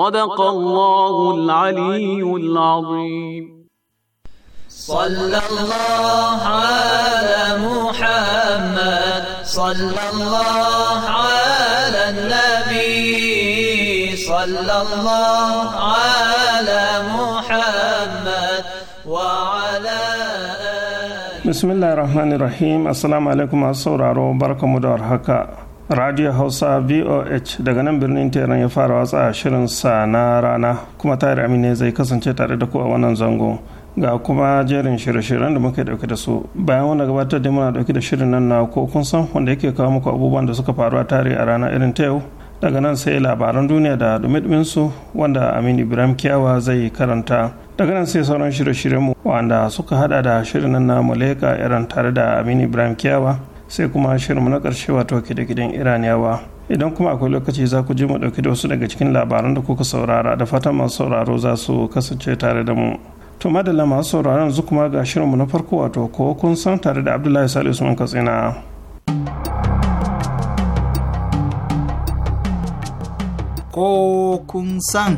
صدق الله العلي العظيم صلى الله على محمد صلى الله على النبي صلى الله على محمد وعلى بسم الله الرحمن الرحيم السلام عليكم ورحمة الله وبركاته radio hausa voh daga nan birnin teran ya fara watsa shirin sa na rana kuma tare amine zai kasance tare da ku a wannan zango ga kuma jerin shirye-shiryen da muke dauke da su bayan wanda gabatar da muna dauke da shirin nan na ko kun san wanda yake kawo muku abubuwan da suka faru a tare a rana irin ta yau daga nan sai labaran duniya da dumi su wanda amin ibrahim kiyawa zai karanta daga nan sai sauran shirye shiryen mu wanda suka hada da shirin nan na muleka irin tare da amin ibrahim kiyawa sai kuma shirinmu na ƙarshe wato gidan iraniyawa idan kuma akwai lokaci za ku ji mu ɗauki da wasu daga cikin labaran da kuka saurara da fatan masu sauraro za su kasance tare da mu to madalla masu sauraron yanzu kuma ga shirinmu na farko wato ko kun san tare da abdullahi salisu usman katsina ko kun san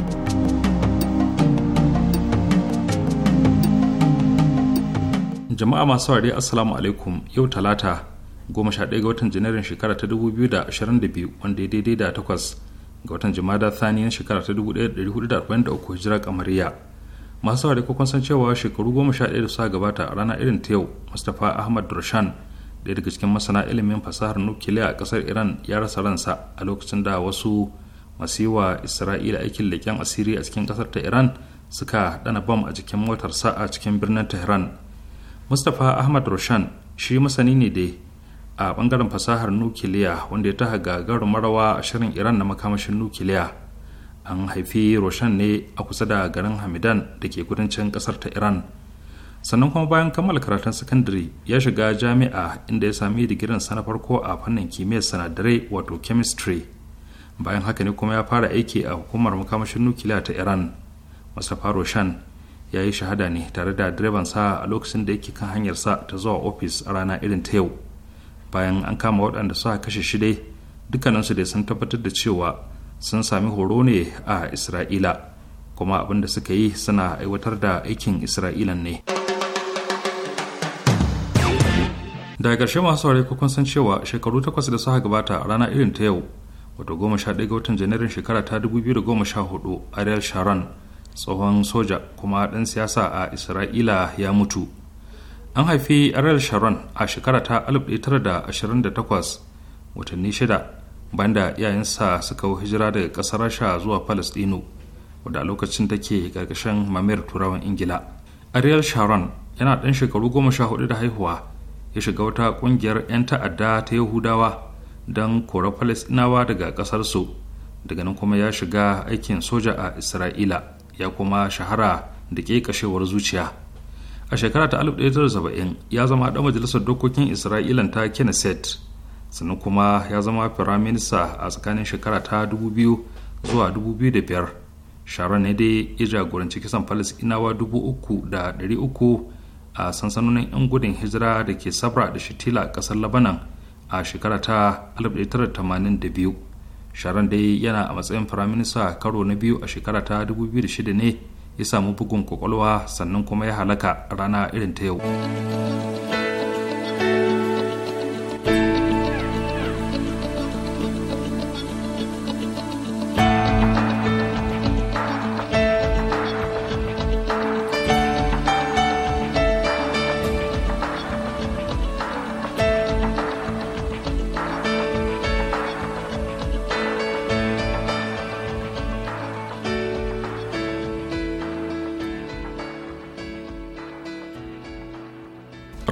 jama'a masu wari 'asalamu alaikum yau talata goma sha ɗaya ga watan janairun shekara ta biyu wanda ya daidai da takwas ga watan jimada na shekara ta dubu ɗaya da da da hudu arba'in uku hijira kamariya masu saurari ko san cewa shekaru goma sha ɗaya da suka gabata a rana irin ta yau mustapha ahmad roshan ɗaya daga cikin masana ilimin fasahar nukiliya a kasar iran ya rasa ransa a lokacin da wasu masu yi wa isra'ila aikin leƙen asiri a cikin kasar ta iran suka dana bam a jikin motarsa a cikin birnin tehran mustapha ahmad roshan shi masani ne dai a bangaren fasahar nukiliya wanda ya taha gagarin marawa a shirin iran na makamashin nukiliya an haifi roshan ne a kusa da garin hamidan da ke kudancin kasar ta iran sannan kuma bayan kammala karatun sakandare ya shiga jami'a inda ya sami digirin sa na farko a fannin kimiyyar sanadarai wato chemistry bayan haka ne kuma ya fara aiki a hukumar makamashin nukiliya ta iran mustapha roshan ya yi shahada ne tare da direban sa a lokacin da yake kan hanyarsa ta zuwa ofis a rana irin ta yau bayan an kama waɗanda suka kashe shidai dukkaninsu dai sun tabbatar da cewa sun sami horo ne a isra'ila kuma abin da suka yi suna aiwatar da aikin isra'ilan ne daga ƙarshe masu saurari kukun san cewa shekaru takwas da suka gabata a rana irin ta yau wato goma sha ɗaya ga watan janairun shekara ta dubu biyu da goma sha hudu ariel sharon tsohon soja kuma ɗan siyasa a isra'ila ya mutu an haifi ariel sharon a shekara ta 1928 watanni shida bayan da iyayensa suka hijira daga ƙasar rasha zuwa palestino wadda a lokacin take ƙarƙashin mamayar turawan ingila ariel sharon yana ɗan shekaru goma sha hudu da haihuwa ya shiga wata ƙungiyar 'yan ta'adda ta yahudawa don kora palestinawa daga ƙasarsu daga nan kuma ya shiga aikin soja a isra'ila ya kuma shahara da ƙeƙashewar zuciya a shekara ta 1970 ya zama ɗan majalisar dokokin isra'ila ta kenneset sannan kuma ya zama firaminista a tsakanin shekara ta 2000 zuwa 2005 sharon ne dai ya jagoranci kisan falasinawa 3,300 a sansanonin 'yan gudun hijira da ke sabra da shitila ƙasar labanan a shekara ta 1982 sharon dai yana a matsayin firaminista karo na biyu a shekara ta 2006 ne ya samu bugun kwakwalwa sannan kuma ya halaka rana irin ta yau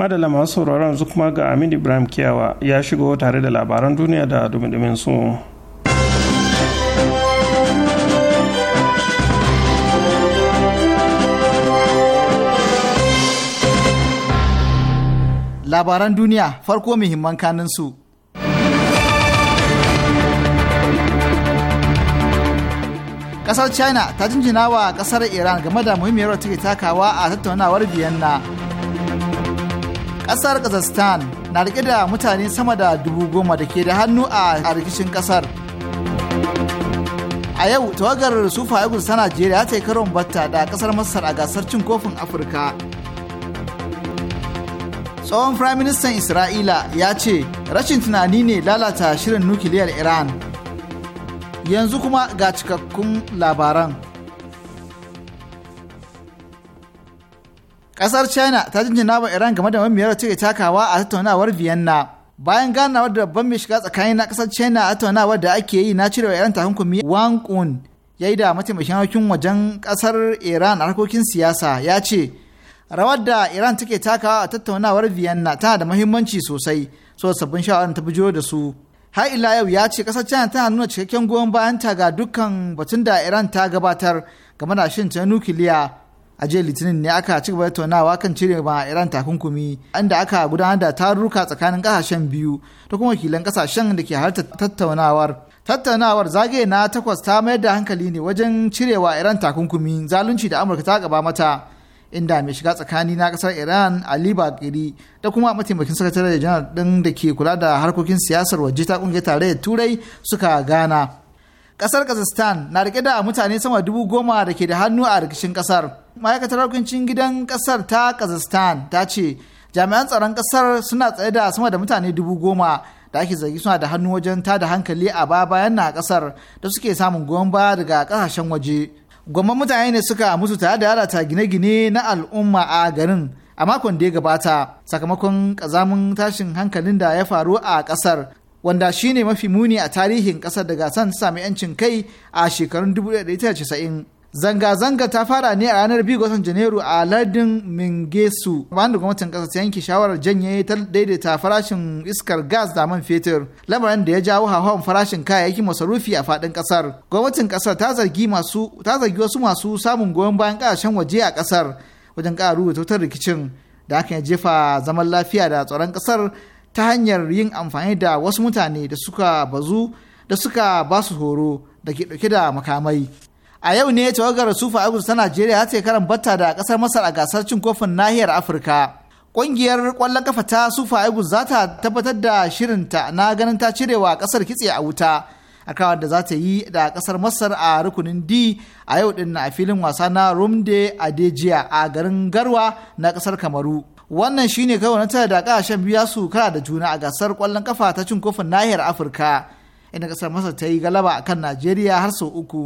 madalla masu sauraron yanzu kuma ga amin ibrahim kiyawa ya shigo tare da labaran duniya da dumi su labaran duniya farko muhimman kanin su kasar china ta jinjina wa kasar iran game da muhimmiyar take takawa a tattaunawar vienna Ƙasar kazakhstan na riƙe da mutane sama da dubu goma da ke da hannu a rikicin ƙasar. a yau tawagar sufa eagles ta najeriya ta yi karon batta da ƙasar masar a gasar cin kofin afirka tsohon firaministan isra'ila ya ce rashin tunani ne lalata shirin nukiliyar iran yanzu kuma ga cikakkun labaran kasar China ta jinjina wa Iran game da mamiyar take takawa a tattaunawar Vienna. Bayan ganawar da babban mai shiga tsakanin na ƙasar China a tattaunawar da ake yi na cirewa Iran takunkumi Wang Un ya yi da mataimakin harkokin wajen kasar Iran a harkokin siyasa ya ce rawar da Iran take takawa a tattaunawar Vienna tana da muhimmanci sosai so sabbin shawarar ta bijiro da su. Har ila yau ya ce kasar China tana nuna cikakken goyon bayan ta ga dukkan batun da Iran ta gabatar game da shin ta nukiliya a jiya litinin ne aka ci gaba da taunawa kan cire ma iran takunkumi inda aka gudanar da taruka tsakanin kasashen biyu da kuma wakilan kasashen da ke halarta tattaunawar tattaunawar zagaye na takwas ta mayar da hankali ne wajen cirewa iran takunkumi zalunci da amurka ta gaba mata inda mai shiga tsakani na kasar iran ali bakiri da kuma mataimakin sakatare da janar din da ke kula da harkokin siyasar waje ta kungiyar tarayyar turai suka gana kasar kazakhstan na rike da mutane sama dubu goma da ke da hannu a rikicin kasar ma'aikatar hukuncin gidan kasar ta kazakhstan ta ce jami'an tsaron kasar suna tsaye da sama da mutane dubu goma da ake zargi suna da hannu wajen ta da hankali a ba bayan na kasar da suke samun goyon daga kasashen waje gwamman mutane ne suka mutu tare da lalata gine-gine na al'umma a garin a makon da ya gabata sakamakon kazamin tashin hankalin da ya faru a kasar wanda shine mafi muni a tarihin ƙasar da gasan sami 'yancin kai a shekarun 1990. Zanga-zanga ta fara ne a ranar 2 watan Janairu a lardin Mingesu, wanda da gwamnatin ƙasar ta yanke shawarar janye ta daidaita farashin iskar gas da man fetur, lamarin da ya jawo hawan farashin kayayyakin masarufi a faɗin ƙasar. Gwamnatin ƙasar ta zargi wasu masu samun goyon bayan ƙasashen waje a ƙasar wajen ƙara rubuta rikicin da hakan ya jefa zaman lafiya da tsaron ƙasar ta hanyar yin amfani da wasu mutane da suka bazu da suka ba su horo da ke ɗauke da makamai. A yau ne tawagar Sufa Agus ta Najeriya ta ce karan batta da ƙasar Masar a gasar cin kofin nahiyar Afirka. Ƙungiyar ƙwallon kafa ta Sufa Agus za ta tabbatar da shirinta na ganin ta cirewa ƙasar kitse a wuta. A kawar da za ta yi da ƙasar Masar a rukunin D a yau ɗin a filin wasa na Rumde adejia a garin Garwa na ƙasar Kamaru. wannan shine kawai na tara da kasashen biya su kara da juna a gasar kwallon kafa ta cin kofin nahiyar afirka inda kasar masar ta yi galaba a kan najeriya har sau uku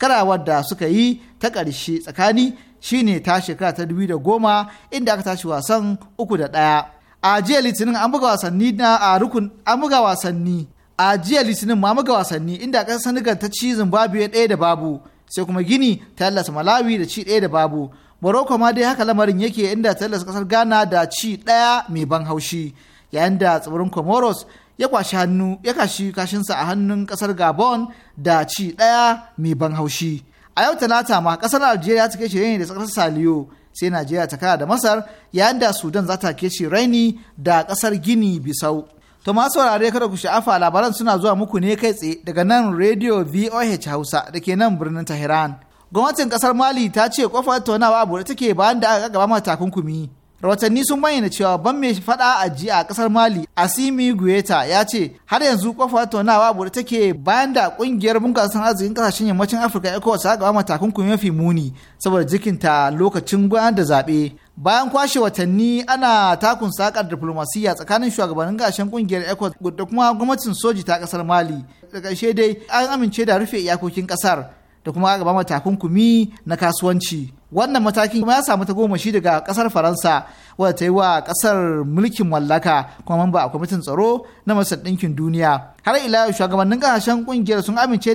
karawar da suka yi ta ƙarshe tsakani shine ta shekara ta dubu da goma inda aka tashi wasan uku da ɗaya a jiya litinin an buga wasanni na a rukun an buga wasanni a jiya litinin ma buga wasanni inda ƙasar senegal ta ci zimbabwe ɗaya da babu sai kuma gini ta lallasa malawi da ci ɗaya da babu Morocco ma dai haka lamarin yake inda ta kasar Ghana da ci ɗaya mai ban haushi yayin da tsibirin Comoros ya kwashi hannu ya kashi kashinsa a hannun kasar Gabon da ci ɗaya mai ban haushi. A yau talata ma kasar Algeria ta kece shirye da kasar Saliyo sai Najeriya ta kara da Masar yayin da Sudan za ta kece raini da kasar Gini Bisau. To masu saurare kada ku sha'afa labaran suna zuwa muku ne kai tsaye daga nan Radio VOH Hausa da ke nan birnin Tehran. gwamnatin kasar mali ta ce kofar tonawa abu da take bayan da aka gaba mata takunkumi rahotanni sun bayyana cewa ban mai fada a ji a kasar mali asimi gueta ya ce har yanzu kofar tonawa abu da take bayan da kungiyar bunkasar arzikin kasashen yammacin afirka ecowas ta gaba mata takunkumi mafi muni saboda jikinta lokacin gudanar da zaɓe bayan kwashe watanni ana takun sakar diplomasiyya tsakanin shugabannin gashen kungiyar ecowas da kuma gwamnatin soji ta kasar mali da ƙarshe dai an amince da rufe iyakokin kasar da kuma a bama takunkumi na kasuwanci wannan matakin kuma ya samu ta goma shi daga kasar faransa wadda ta yi wa kasar mulkin mallaka kuma mamba a kwamitin tsaro na masar ɗinkin duniya har ila shugabannin kasashen kungiyar sun amince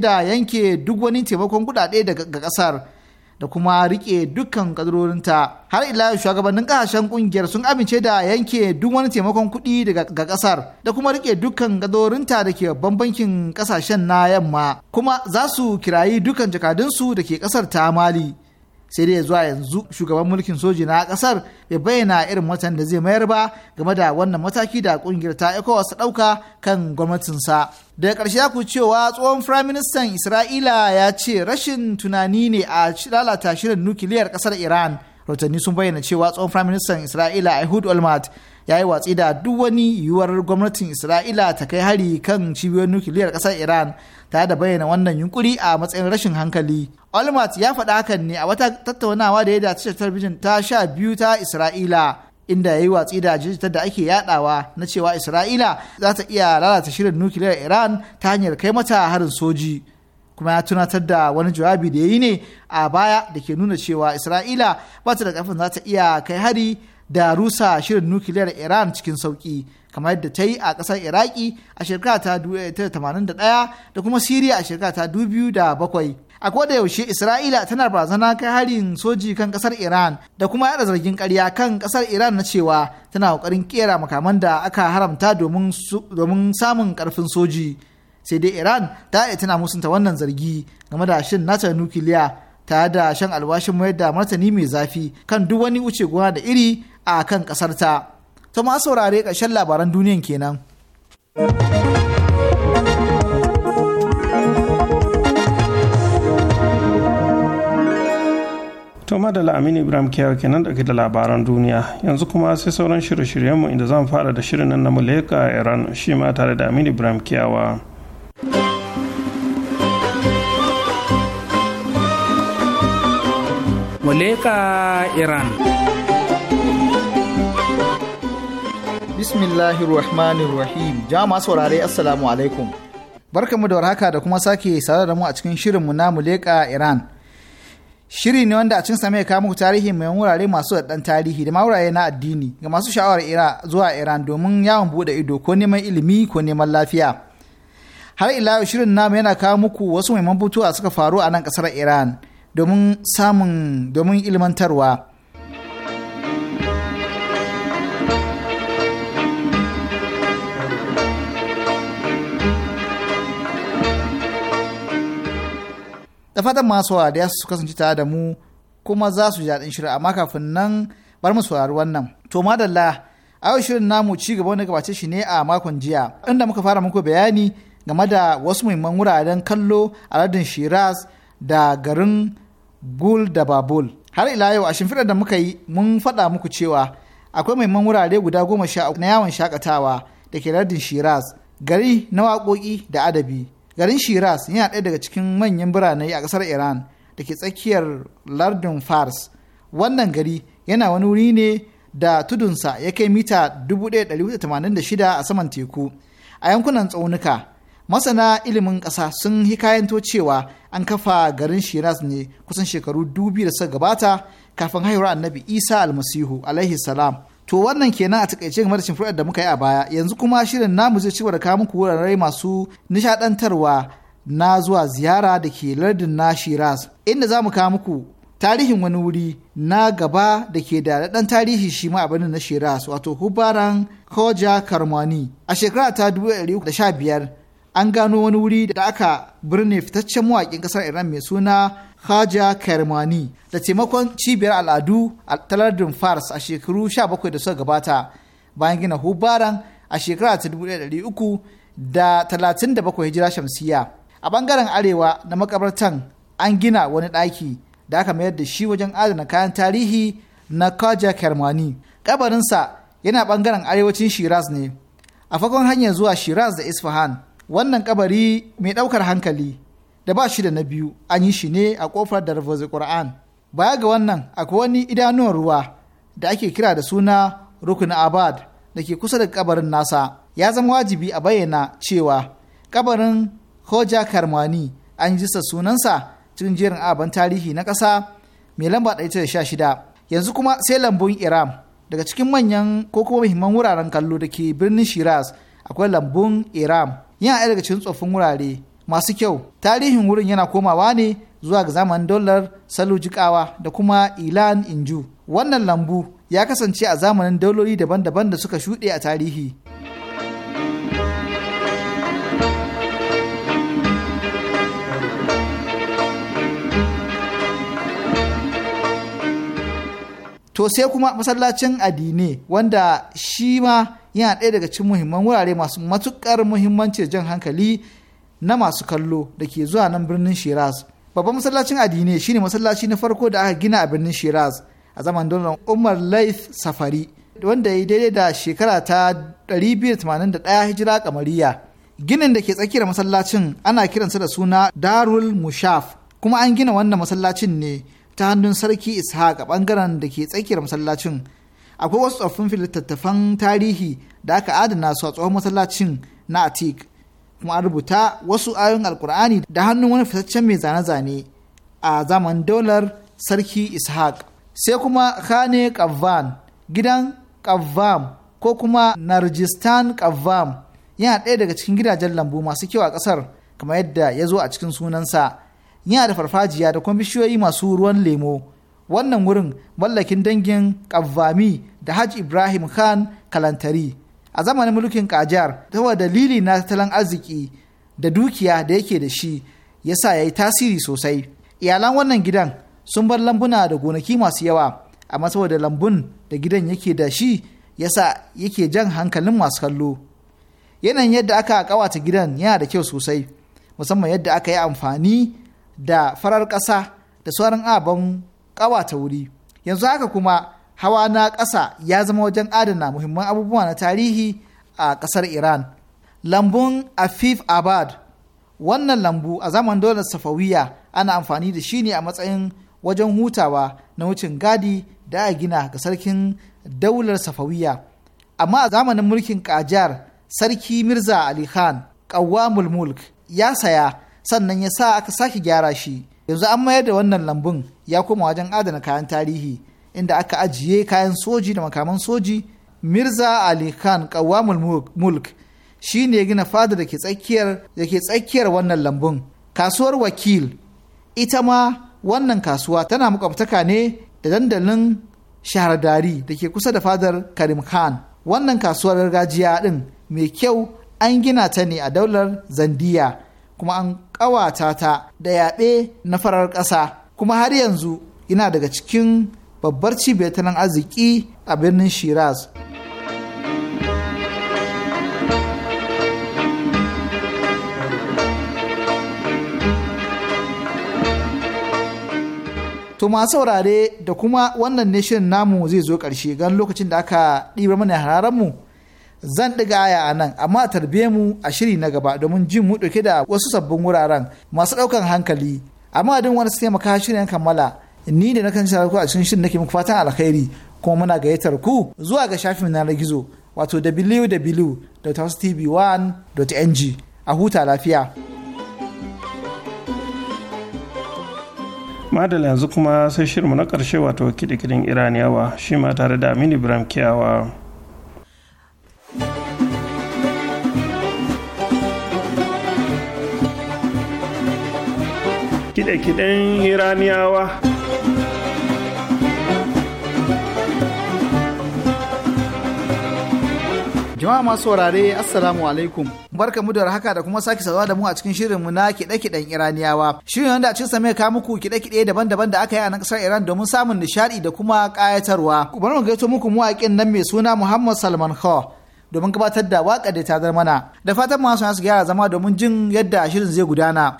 da yanke duk wani taimakon kuɗaɗe daga kasar da kuma rike dukkan kadurorinta har ila shugabannin kasashen kungiyar sun amince da yanke duk wani taimakon kuɗi daga kasar da kuma rike dukkan kadurorinta da ke babban bankin kasashen na yamma kuma za su kirayi dukkan jakadunsu da ke ƙasar ta mali sai dai zuwa yanzu shugaban mulkin soji na ƙasar ya bayyana irin watan da zai mayar ba game da wannan mataki da kungiyar ta ecowas ɗauka kan gwamnatinsa. daga ƙarshe ku cewa tsohon firaministan isra'ila ya ce rashin tunani ne a lalata shirin nukiliyar ƙasar iran rautanni sun bayyana cewa tsohon firaministan isra'ila ehud olmert ya yi watsi da duk wani yiwuwar gwamnatin isra'ila ta kai hari kan cibiyoyin nukiliyar ƙasar iran tare da bayyana wannan yunkuri a matsayin rashin hankali olmert ya faɗa hakan ne a wata tattaunawa da ya dace talabijin ta sha biyu ta isra'ila inda ya yi watsi da jita da ake yadawa na cewa isra'ila za ta iya lalata shirin nukiliyar iran ta hanyar kai mata harin soji kuma ya tunatar da wani jawabi da ya yi ne a baya da ke nuna cewa isra'ila ba ta da kafin za ta iya kai hari da rusa shirin nukiliyar iran cikin sauki kamar yadda ta yi a ƙasar iraki a shekara ta 1981 da kuma siriya a shekara ta 2007 a koda yaushe isra'ila tana barazana kai harin soji kan kasar iran da kuma yada zargin karya kan kasar iran na cewa tana kokarin kera makaman da aka haramta domin samun karfin soji sai dai iran ta iya tana musunta wannan zargi game da shin nata nukiliya tare da shan alwashin mayar da martani mai zafi kan duk wani wuce gona da iri a kan kasarta. ta ma saurare ƙarshen labaran duniyan kenan. to madala aminu ibrahim kiyawa kenan dauke da labaran duniya yanzu kuma sai sauran shirye-shiryenmu inda zan fara da shirin nan na muleka iran shi ma tare da aminu ibrahim kiyawa muleka iran bismillahir rahmanir rahim jama'a saurare assalamu alaikum barkamu da warhaka da kuma sake sare da mu a cikin shirin shirinmu na muleka iran shiri ne wanda a cin mai kawo muku tarihi mai wurare masu daɗan tarihi da wurare na addini ga masu sha'awar ira zuwa iran domin yawon buɗe ido ko neman ilimi ko neman lafiya har ila yau shirin namu yana kawo muku wasu muhimman butuwa suka faru a nan ƙasar iran domin samun domin ilmantarwa da fatan masu da su kasance tare da mu kuma za su ji daɗin shirin amma kafin nan bar mu saurari wannan to madalla a yau shirin namu ci gaba wani gabace shi ne a makon jiya inda muka fara muku bayani game da wasu muhimman wuraren kallo a lardin shiraz da garin gul da babul har ila yau a shimfiɗar da muka yi mun faɗa muku cewa akwai muhimman wurare guda goma sha na yawon shakatawa da ke lardin shiraz gari na waƙoƙi da adabi garin shiras yana ɗaya daga cikin manyan birane a ƙasar iran da ke tsakiyar lardin fars wannan gari yana wani wuri ne da tudunsa ya kai mita 1,186 a saman teku a yankunan tsaunuka masana ilimin ƙasa sun hikayanto cewa an kafa garin shiras ne kusan shekaru dubi da suka gabata kafin haihuwar annabi isa almasihu alaihi salam To wannan kenan a takaice game da shimfiɗar da muka yi a baya yanzu kuma shirin namu zai ci da muku wurare masu nishaɗantarwa na zuwa ziyara da ke lardin na Shiraz inda za mu kawo muku tarihin wani wuri na gaba da ke da ɗan tarihi shi ma abin na Shiraz wato Hubaran Koja Karmani a shekara ta 2015 an gano wani wuri da aka birne fitaccen mawaƙin ƙasar Iran mai suna Haja Kermani da taimakon cibiyar al'adu a talardin Fars a shekaru 17 da suka gabata bayan gina Hubaran a shekara ta 1337 hijira shamsiya. A bangaren arewa na makabartan an gina wani ɗaki da aka mayar da shi wajen adana kayan tarihi na Kaja Kermani. Kabarinsa yana bangaren arewacin Shiraz ne. A fakon hanyar zuwa Shiraz da Isfahan, wannan kabari mai ɗaukar hankali da ba shi da na biyu an yi shi ne a kofar rufe Qur'an. Baya ga wannan akwai wani idanuwan ruwa da ake kira da suna Rukun Abad da ke kusa da kabarin nasa. Ya zama wajibi a bayyana cewa kabarin Hoja Karmani an jisa sunansa cikin jerin aban tarihi na ƙasa mai lamba shida. Yanzu kuma sai lambun Iram daga cikin manyan ko kuma muhimman wuraren kallo da ke birnin Shiraz akwai lambun Iram yana daga cikin tsoffin wurare masu kyau tarihin wurin yana komawa ne zuwa ga zamanin daular salujikawa da kuma ilan inju wannan lambu ya kasance a zamanin dauloli daban-daban da suka shuɗe a tarihi to sai kuma masallacin adine wanda shi ma yana ɗaya daga cikin muhimman wurare masu matuƙar muhimmanci jan hankali na masu kallo da ke zuwa nan birnin Shiraz. Babban masallacin addini shine masallaci na farko da aka gina a birnin Shiraz a zaman Donald Umar Laith Safari wanda ya yi daidai da shekara ta 281 hijira kamariya. Ginin da ke tsakiyar masallacin ana kiransa da suna Darul Mushaf kuma an gina wannan masallacin ne ta hannun sarki Ishaq a bangaren da ke tsakiyar masallacin. Akwai wasu tsoffin littattafan tarihi da aka adana su a tsohon masallacin na Atik. kuma an rubuta wasu ayoyin alkur'ani da hannun wani fitaccen mai zane-zane a zaman daular sarki ishaq sai kuma khane kavan gidan kavvam ko kuma narjistan kavam yana ɗaya daga cikin gidajen lambu masu kyau a ƙasar kamar yadda ya zo a cikin sunansa yana da farfajiya da kuma bishiyoyi masu ruwan lemo wannan wurin mallakin dangin kavami da hajj ibrahim khan kalantari a zamanin mulkin Kajiyar, ta dalili na tattalin arziki da dukiya da yake da shi ya sa ya yi tasiri sosai iyalan wannan gidan sun bar lambuna da gonaki masu yawa amma saboda lambun da gidan yake da shi ya sa yake jan hankalin masu kallo yanayin yadda aka kawata gidan yana da kyau sosai musamman yadda aka yi amfani da farar ƙasa da sauran aban ƙawata wuri yanzu haka kuma hawa na ƙasa ya zama wajen adana muhimman abubuwa na tarihi a ƙasar Iran. Lambun Afif Abad Wannan lambu a zaman dole safawiya ana amfani da shi ne a matsayin wajen hutawa na wucin gadi da a gina ga sarkin daular safawiya. Amma a zamanin mulkin Kajar, Sarki Mirza Ali Khan, Kawamul Mulk, ya saya sannan ya sa aka sake gyara shi. Yanzu an mayar da wannan lambun ya koma wajen adana kayan tarihi. inda aka ajiye kayan soji da makaman soji mirza ali khan kawamul mulk shi ne gina fada da ke tsakiyar wannan lambun kasuwar wakil ita ma wannan kasuwa tana makwabtaka ne da dandalin shahardari da ke kusa da fadar karim khan wannan kasuwar gargajiya din mai kyau an gina ta ne a daular zandiya kuma an ƙawata ta da yaɓe na farar ƙasa kuma har yanzu yana daga cikin babbar cibiyar tattalin arziki a birnin shiraz To masu saurare da kuma wannan ne shirin namu zai zo ƙarshe gan lokacin da aka ɗibar mana hararen mu zan ɗiga aya a nan amma a tarbe mu a shiri na gaba domin jin mu ɗauke da wasu sabbin wuraren masu ɗaukan hankali amma din wani su taimaka shirin kammala ni da nakan sa ku a cikin shirin nake muku fatan alkhairi kuma muna gayyatar ku zuwa ga shafin na gizo wato www.tv1.ng a huta lafiya. madala yanzu kuma sai shirmu na ƙarshe wato kidikidin iraniyawa shi ma tare da aminu ibrahim kiyawa kiɗe-kiɗen iraniyawa Jama'a masu saurare Assalamu alaikum. Barka mu da haka da kuma sake sauwa da mu a cikin shirinmu na kiɗe-kiɗen Iraniyawa. Shirin wanda a cikin sa mai muku kiɗe-kiɗe daban-daban da aka yi a nan ƙasar Iran domin samun nishaɗi da kuma ƙayatarwa. Bari mu gaito muku mawaƙin nan mai suna Muhammad Salman Kho domin gabatar da waƙar da ta mana. Da fatan masu su gyara zama domin jin yadda shirin zai gudana.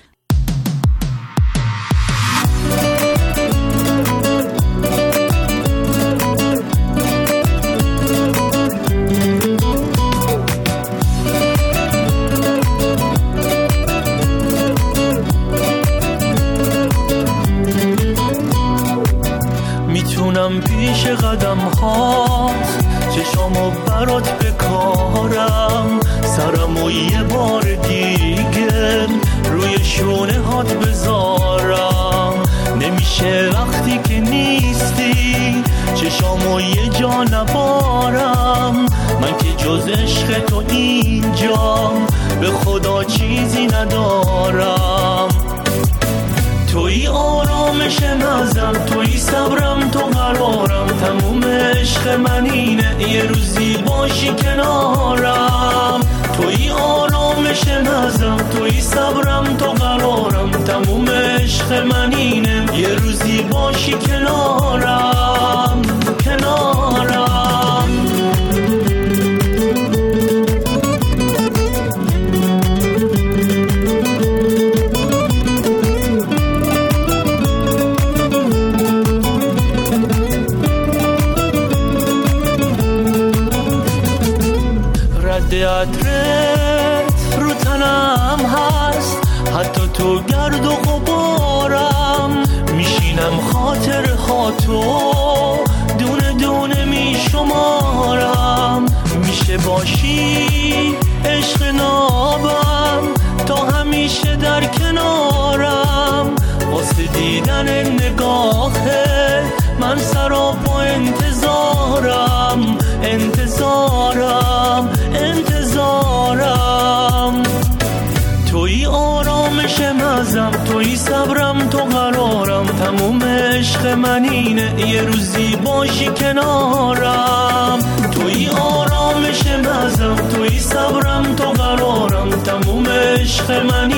یه روزی باشی کنارم توی آرامش مزم توی صبرم تو قرارم تموم عشق من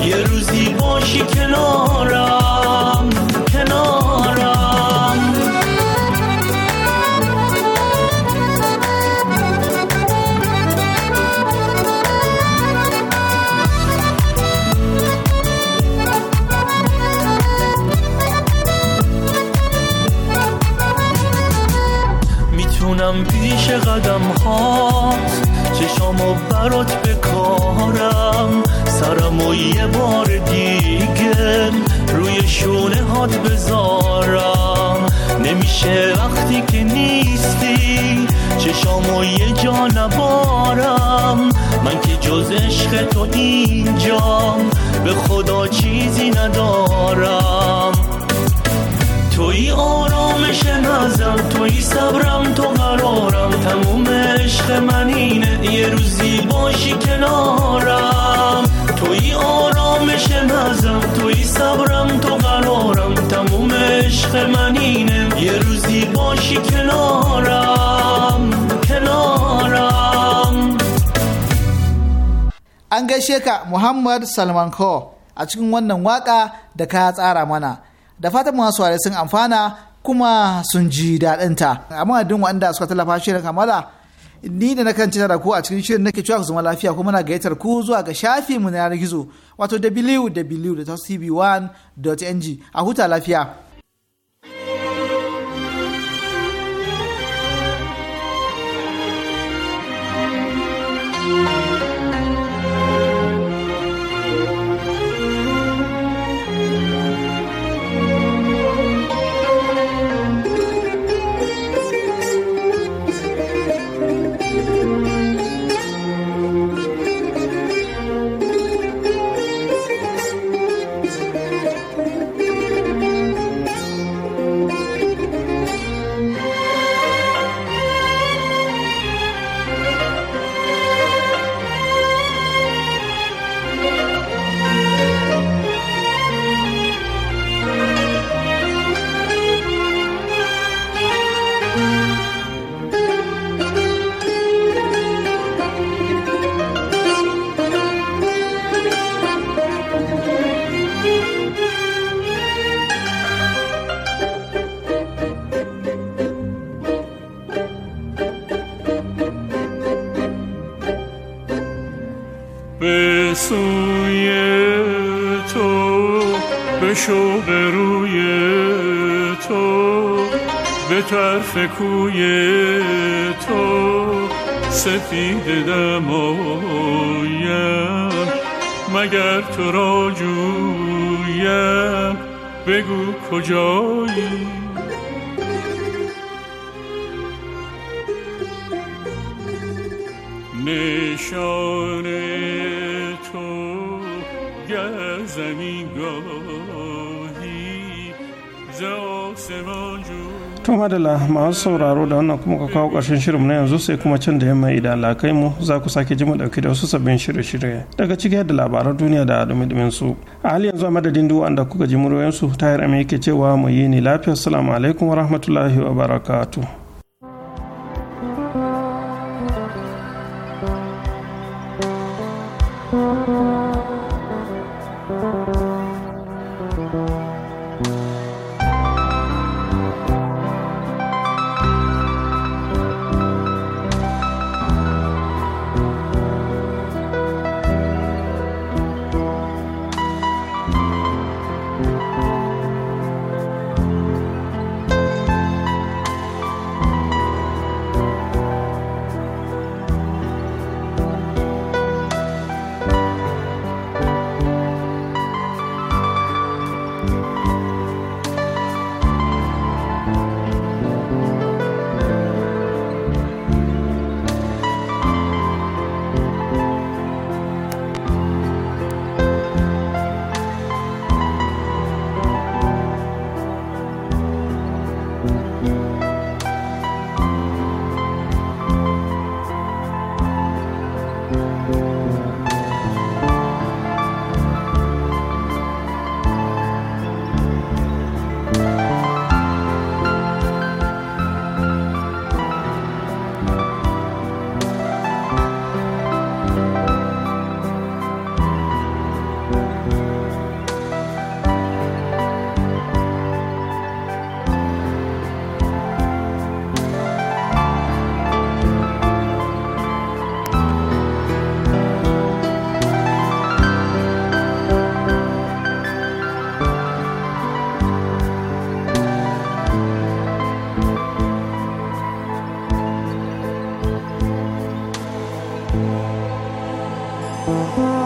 یه روزی باشی کنارم چه قدم چه چشامو برات بکارم و یه بار دیگه روی شونه هات بذارم نمیشه وقتی که نیستی چشامو یه جا نبارم من که جز عشق تو اینجام به خدا چیزی ندارم توی آرامش نزم توی صبرم تو قرارم تموم عشق من اینه یه روزی باشی کنارم توی آرامش نزم توی صبرم تو قرارم تموم عشق من اینه یه روزی باشی کنارم کنارم انگشه که محمد سلمان خو، از a واقع دکات waka da fatan masu ware sun amfana kuma sun ji daɗinta amma duk wanda suka tallafa shirin kamala ni da nakan ci da ku a cikin shirin nake cewa ku zama lafiya kuma na gayyatar ku zuwa ga shafi mu na yanar gizo wato www.tv1.ng a huta lafiya سوی تو بشو به روی تو به طرف کوی تو سفید دمایم مگر تو را جویم بگو کجایی نشان to madalla masu sauraro da wannan kuma ka kawo ƙarshen shirin na yanzu sai kuma can da yamma idan lakai mu za ku sake ji mu dauki da wasu sabbin shirye-shirye daga ciki da labaran duniya da dumi su a hali yanzu a madadin duk wanda kuka ji muryoyin su tahir rami yake cewa mu yi ni lafiya assalamu alaikum wa rahmatullahi wa barakatu. Thank you.